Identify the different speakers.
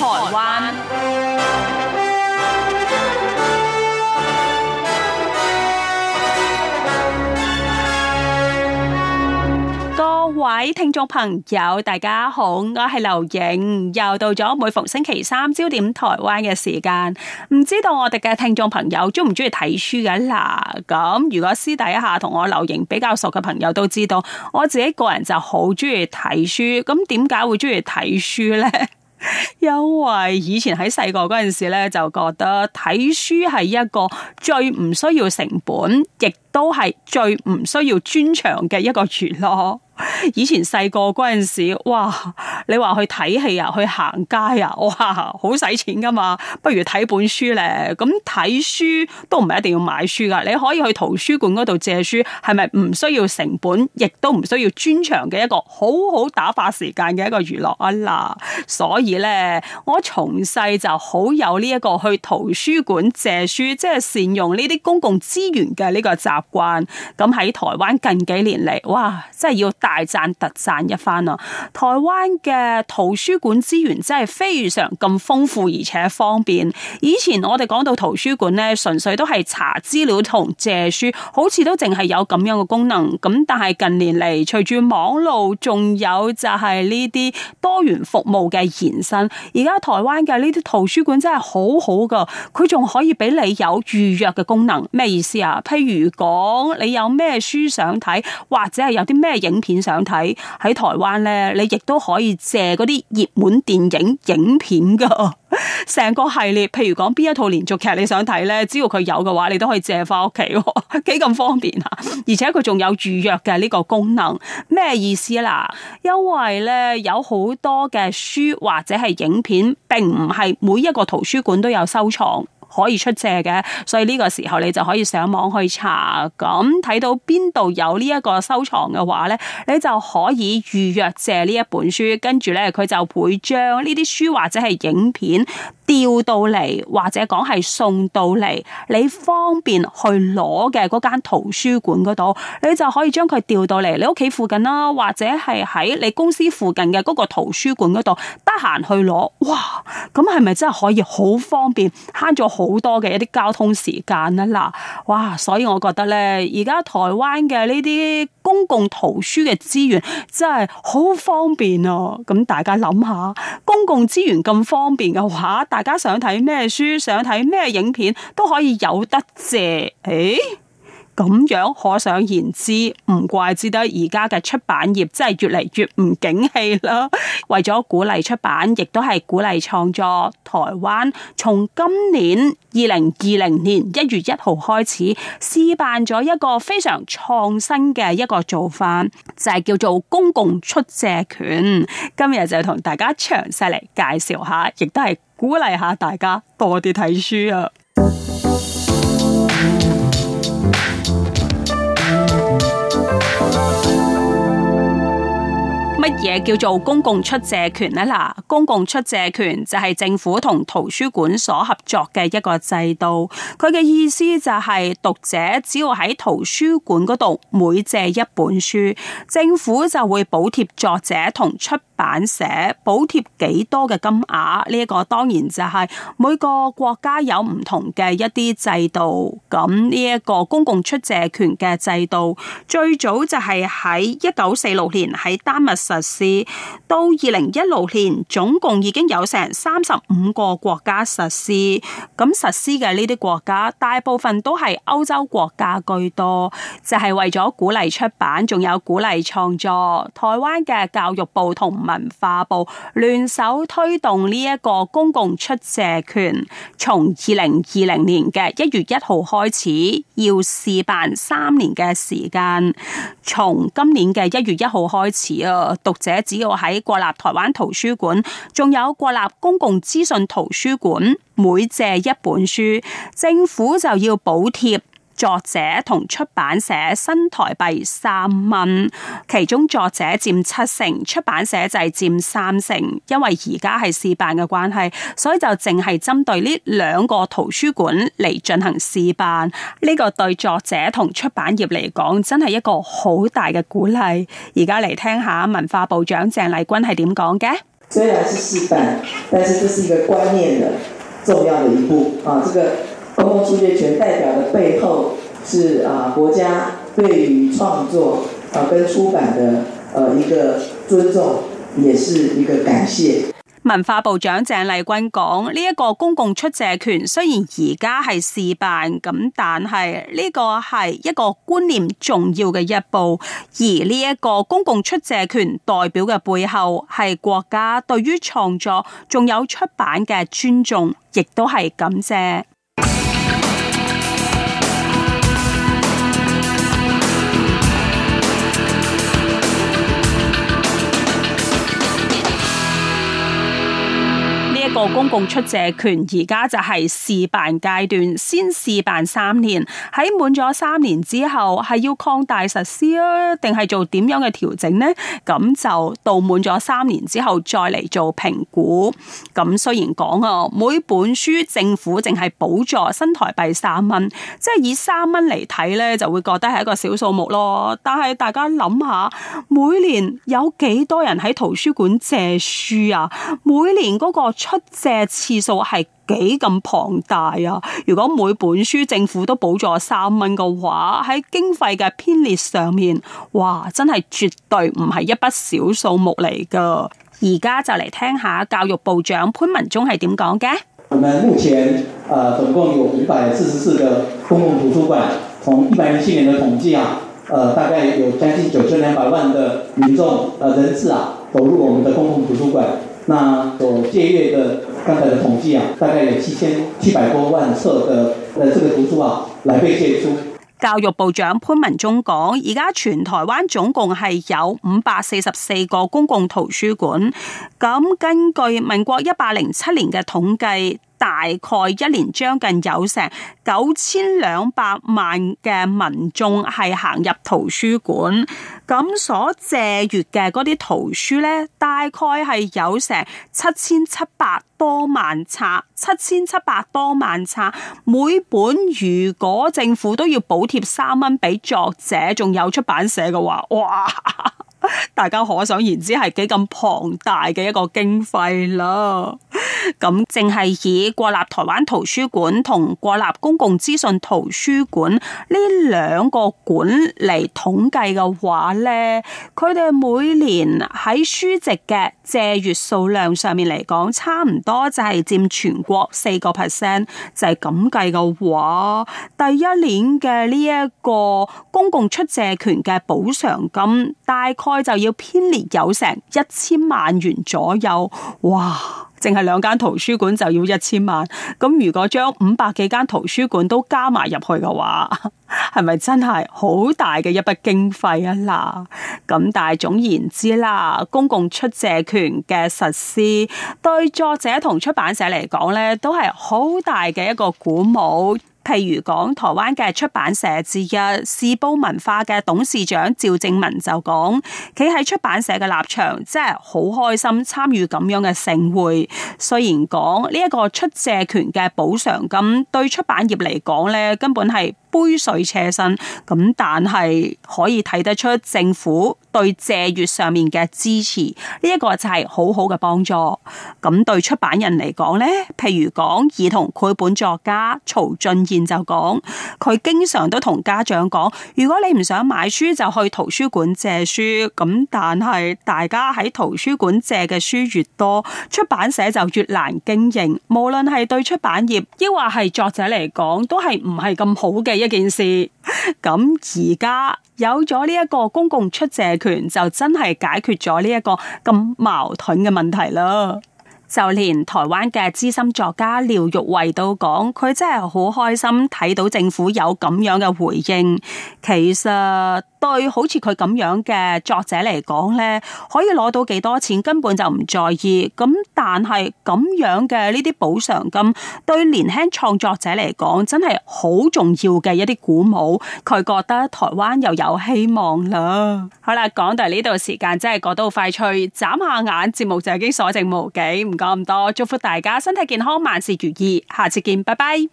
Speaker 1: 台灣各位聽眾朋友，大家好，我係劉瑩，又到咗每逢星期三焦點台灣嘅時間。唔知道我哋嘅聽眾朋友中唔中意睇書嘅啦？咁如果私底下同我劉瑩比較熟嘅朋友都知道，我自己個人就好中意睇書。咁點解會中意睇書呢？因為以前喺細個嗰陣時咧，就覺得睇書係一個最唔需要成本，亦都係最唔需要專長嘅一個娛樂。以前細個嗰陣時，哇！你話去睇戲啊，去行街啊，哇，好使錢噶嘛。不如睇本書咧，咁睇書都唔係一定要買書噶，你可以去圖書館嗰度借書，係咪唔需要成本，亦都唔需要專長嘅一個好好打發時間嘅一個娛樂啊啦。所以咧，我從細就好有呢、這、一個去圖書館借書，即係善用呢啲公共資源嘅呢個習慣。咁喺台灣近幾年嚟，哇，真係要大讚特讚一番啊！台灣嘅圖書館資源真係非常咁豐富，而且方便。以前我哋講到圖書館咧，純粹都係查資料同借書，好似都淨係有咁樣嘅功能。咁但係近年嚟，隨住網絡，仲有就係呢啲多元服務嘅延伸。而家台灣嘅呢啲圖書館真係好好噶，佢仲可以俾你有預約嘅功能。咩意思啊？譬如講你有咩書想睇，或者係有啲咩影片。想睇喺台灣咧，你亦都可以借嗰啲熱門電影影片噶成個系列，譬如講邊一套連續劇你想睇咧，只要佢有嘅話，你都可以借翻屋企，幾咁方便啊！而且佢仲有預約嘅呢個功能，咩意思啊？嗱，因為咧有好多嘅書或者係影片，並唔係每一個圖書館都有收藏。可以出借嘅，所以呢個時候你就可以上網去查，咁睇到邊度有呢一個收藏嘅話呢，你就可以預約借呢一本書，跟住呢，佢就會將呢啲書或者係影片，調到嚟或者講係送到嚟，你方便去攞嘅嗰間圖書館嗰度，你就可以將佢調到嚟你屋企附近啦，或者係喺你公司附近嘅嗰個圖書館嗰度，得閒去攞，哇！咁係咪真係可以好方便，慳咗好多嘅一啲交通時間啊？嗱，哇！所以我覺得呢，而家台灣嘅呢啲。公共圖書嘅資源真係好方便啊，哦！咁大家諗下，公共資源咁方便嘅話，大家想睇咩書、想睇咩影片都可以有得借。誒，哎！咁樣可想而知，唔怪之得而家嘅出版業真係越嚟越唔景氣啦。 為咗鼓勵出版，亦都係鼓勵創作，台灣從今年二零二零年一月一號開始試辦咗一個非常創新嘅一個做法，就係叫做公共出借權。今日就同大家詳細嚟介紹下，亦都係鼓勵下大家多啲睇書啊！嘢叫做公共出借權啦，嗱，公共出借權就係政府同圖書館所合作嘅一個制度，佢嘅意思就係、是、讀者只要喺圖書館嗰度每借一本書，政府就會補貼作者同出。版社補貼幾多嘅金額？呢一個當然就係每個國家有唔同嘅一啲制度。咁呢一個公共出借權嘅制度，最早就係喺一九四六年喺丹麥實施，到二零一六年總共已經有成三十五個國家實施。咁實施嘅呢啲國家，大部分都係歐洲國家居多，就係為咗鼓勵出版，仲有鼓勵創作。台灣嘅教育部同。文化部聯手推動呢一個公共出借權，從二零二零年嘅一月一號開始，要試辦三年嘅時間。從今年嘅一月一號開始啊，讀者只要喺國立台灣圖書館，仲有國立公共資訊圖書館每借一本書，政府就要補貼。作者同出版社新台幣三蚊，其中作者佔七成，出版社就係佔三成。因為而家係試辦嘅關係，所以就淨係針對呢兩個圖書館嚟進行試辦。呢個對作者同出版業嚟講，真係一個好大嘅鼓勵。而家嚟聽下文化部長鄭麗君係點講嘅。雖然是啲試辦，但是這是一個觀念嘅重要嘅一步啊！這個。這個、公共出借權，權代表的背後是啊，國家對於創作啊跟出版的，呃一個尊重，也是一個感謝。文化部長鄭麗君講呢一個公共出借權雖然而家係試辦咁，但係呢個係一個觀念重要嘅一步。而呢一個公共出借權代表嘅背後係國家對於創作仲有出版嘅尊重，亦都係感謝。公共出借權而家就係試辦階段，先試辦三年。喺滿咗三年之後，係要擴大實施啊？定係做點樣嘅調整咧？咁就到滿咗三年之後再嚟做評估。咁雖然講啊，每本書政府淨係補助新台幣三蚊，即係以三蚊嚟睇咧，就會覺得係一個小數目咯。但係大家諗下，每年有幾多人喺圖書館借書啊？每年嗰個出借次數係幾咁龐大啊！如果每本書政府都補助三蚊嘅話，喺經費嘅編列上面，哇，真係絕對唔係一筆小數目嚟㗎。而家就嚟聽下教育部長潘文忠係點講嘅。我們目前，呃，總共有五百四十四個公共圖書館，從一百零七年的統計啊、呃，大概有將近九千兩百萬嘅民眾、呃、人士啊走入我們的公共圖書館。那所借閱的，剛才的統計啊，大概有七千七百多萬冊的，這個圖書啊，來被借出。教育部長潘文忠講，而家全台灣總共係有五百四十四個公共圖書館，咁根據民國一百零七年嘅統計。大概一年將近有成九千兩百萬嘅民眾係行入圖書館，咁所借閱嘅嗰啲圖書呢，大概係有成七千七百多萬冊，七千七百多萬冊。每本如果政府都要補貼三蚊俾作者，仲有出版社嘅話，哇！大家可想而知係幾咁龐大嘅一個經費啦。咁淨係以國立台灣圖書館同國立公共資訊圖書館呢兩個館嚟統計嘅話呢，佢哋每年喺書籍嘅借閱數量上面嚟講，差唔多就係佔全國四個 percent。就係咁計嘅話，第一年嘅呢一個公共出借權嘅補償金，大概就要編列有成一千萬元左右，哇！淨係兩間圖書館就要一千萬，咁如果將五百幾間圖書館都加埋入去嘅話，係咪真係好大嘅一筆經費啊啦？咁但係總言之啦，公共出借權嘅實施，對作者同出版社嚟講咧，都係好大嘅一個鼓舞。譬如講台灣嘅出版社之一，今日時報文化嘅董事長趙正文就講，企喺出版社嘅立場，即係好開心參與咁樣嘅盛會。雖然講呢一個出借權嘅補償金，對出版業嚟講咧，根本係。杯水車薪咁，但係可以睇得出政府對借閱上面嘅支持，呢、這、一個就係好好嘅幫助。咁對出版人嚟講咧，譬如講兒童繪本作家曹俊彥就講，佢經常都同家長講，如果你唔想買書就去圖書館借書，咁但係大家喺圖書館借嘅書越多，出版社就越難經營，無論係對出版業抑或係作者嚟講都係唔係咁好嘅一件事，咁而家有咗呢一個公共出借權，就真係解決咗呢一個咁矛盾嘅問題啦。就連台灣嘅資深作家廖玉慧都講，佢真係好開心睇到政府有咁樣嘅回應。其實對好似佢咁樣嘅作者嚟講咧，可以攞到幾多錢根本就唔在意。咁但係咁樣嘅呢啲補償金，對年輕創作者嚟講真係好重要嘅一啲鼓舞。佢覺得台灣又有希望啦。好啦，講到呢度時間真係過得好快脆，眨下眼節目就已經所剩無幾。咁多，祝福大家身體健康，萬事如意，下次見，拜拜。